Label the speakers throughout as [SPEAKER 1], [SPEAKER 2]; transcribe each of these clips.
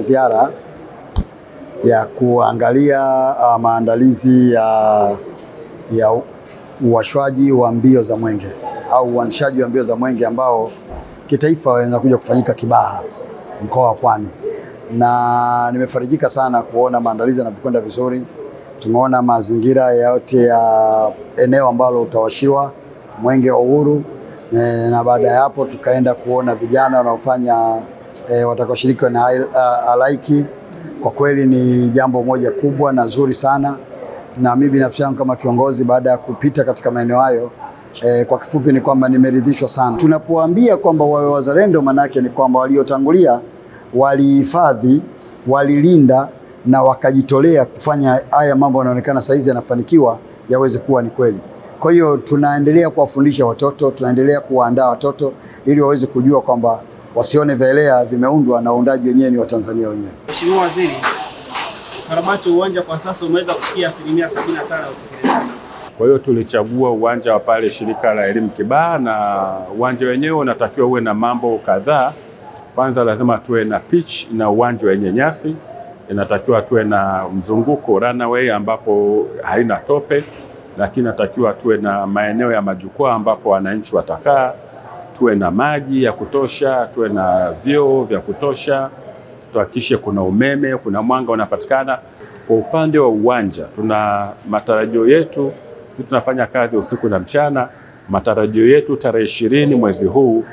[SPEAKER 1] Ziara ya kuangalia uh, maandalizi ya, ya uwashwaji wa mbio za mwenge au uanzishaji wa mbio za mwenge ambao kitaifa inakuja kufanyika Kibaha mkoa wa Pwani, na nimefarijika sana kuona maandalizi yanavyokwenda vizuri. Tumeona mazingira yote ya eneo ambalo utawashiwa mwenge wa uhuru eh, na baada ya hapo tukaenda kuona vijana wanaofanya e, watakaoshiriki na halaiki. Kwa kweli ni jambo moja kubwa na zuri sana, na mimi binafsi yangu kama kiongozi baada ya kupita katika maeneo hayo e, kwa kifupi ni kwamba nimeridhishwa sana. Tunapoambia kwamba wawe wazalendo, manake ni kwamba waliotangulia walihifadhi, walilinda na wakajitolea kufanya haya mambo yanaonekana saizi yanafanikiwa yaweze kuwa ni kweli. Kwa hiyo tunaendelea kuwafundisha watoto, tunaendelea kuwaandaa watoto ili waweze kujua kwamba wasione vya vimeundwa na waundaji wenyewe ni Watanzania wenyewe.
[SPEAKER 2] Mheshimiwa Waziri, ukarabati wa uwanja kwa sasa umeweza kufikia asilimia 75 ya utekelezaji.
[SPEAKER 3] Kwa hiyo tulichagua uwanja wa pale shirika la elimu Kibaha, na uwanja wenyewe unatakiwa uwe na mambo kadhaa. Kwanza lazima tuwe na pitch na uwanja wenye nyasi, inatakiwa tuwe na mzunguko runway ambapo haina tope, lakini natakiwa tuwe na maeneo ya majukwaa ambapo wananchi watakaa tuwe na maji ya kutosha, tuwe na vyoo vya kutosha, tuhakikishe kuna umeme, kuna mwanga unapatikana. Kwa upande wa uwanja, tuna matarajio yetu, sisi tunafanya kazi usiku na mchana. Matarajio yetu tarehe ishirini mwezi huu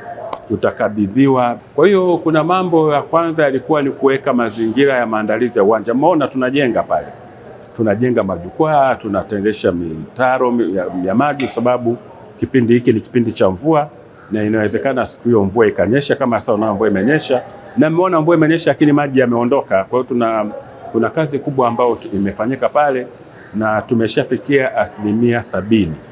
[SPEAKER 3] tutakabidhiwa. Kwa hiyo kuna mambo ya kwanza yalikuwa ni kuweka mazingira ya maandalizi ya uwanja. Mmeona tunajenga pale, tunajenga majukwaa, tunatendesha mitaro ya maji, sababu kipindi hiki ni kipindi cha mvua na inawezekana siku hiyo mvua ikanyesha, kama sasa unaona mvua imenyesha na mmeona mvua imenyesha, lakini maji yameondoka. Kwa hiyo tuna kuna kazi kubwa ambayo imefanyika pale na tumeshafikia asilimia sabini.